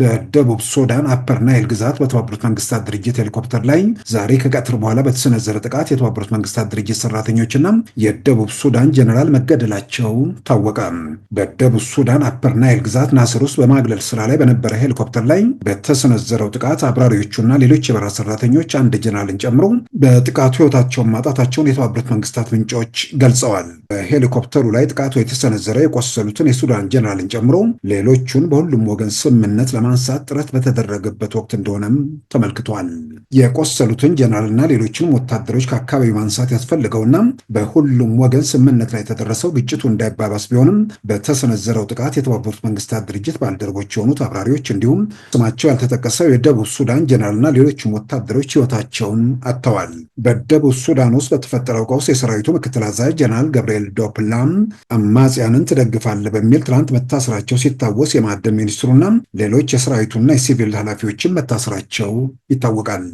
በደቡብ ሱዳን አፐር ናይል ግዛት በተባበሩት መንግስታት ድርጅት ሄሊኮፕተር ላይ ዛሬ ከቀትር በኋላ በተሰነዘረ ጥቃት የተባበሩት መንግስታት ድርጅት ሰራተኞችና የደቡብ ሱዳን ጀኔራል መገደላቸው ታወቀ። በደቡብ ሱዳን አፐር ናይል ግዛት ናስር ውስጥ በማግለል ስራ ላይ በነበረ ሄሊኮፕተር ላይ በተሰነዘረው ጥቃት አብራሪዎቹና ሌሎች የበረራ ሰራተኞች አንድ ጀኔራልን ጨምሮ በጥቃቱ ህይወታቸውን ማጣታቸውን የተባበሩት መንግስታት ምንጮች ገልጸዋል። በሄሊኮፕተሩ ላይ ጥቃቱ የተሰነዘረ የቆሰሉትን የሱዳን ጀነራልን ጨምሮ ሌሎቹን በሁሉም ወገን ስምምነት ለማንሳት ጥረት በተደረገበት ወቅት እንደሆነም ተመልክቷል። የቆሰሉትን ጀነራልና ሌሎችንም ወታደሮች ከአካባቢው ማንሳት ያስፈልገውና በሁሉም ወገን ስምምነት ላይ የተደረሰው ግጭቱ እንዳይባባስ ቢሆንም በተሰነዘረው ጥቃት የተባበሩት መንግስታት ድርጅት ባልደረቦች የሆኑት አብራሪዎች እንዲሁም ስማቸው ያልተጠቀሰው የደቡብ ሱዳን ጀነራልና ሌሎችም ወታደሮች ህይወታቸውን አጥተዋል። በደቡብ ሱዳን ውስጥ በተፈጠረው ቀውስ የሰራዊቱ ምክትል አዛዥ ጀነራል ገብርኤል ሚካኤል ዶፕላም አማጽያንን ትደግፋለህ በሚል ትናንት መታሰራቸው ሲታወስ የማዕድን ሚኒስትሩና ሌሎች የሰራዊቱና የሲቪል ኃላፊዎችን መታሰራቸው ይታወቃል።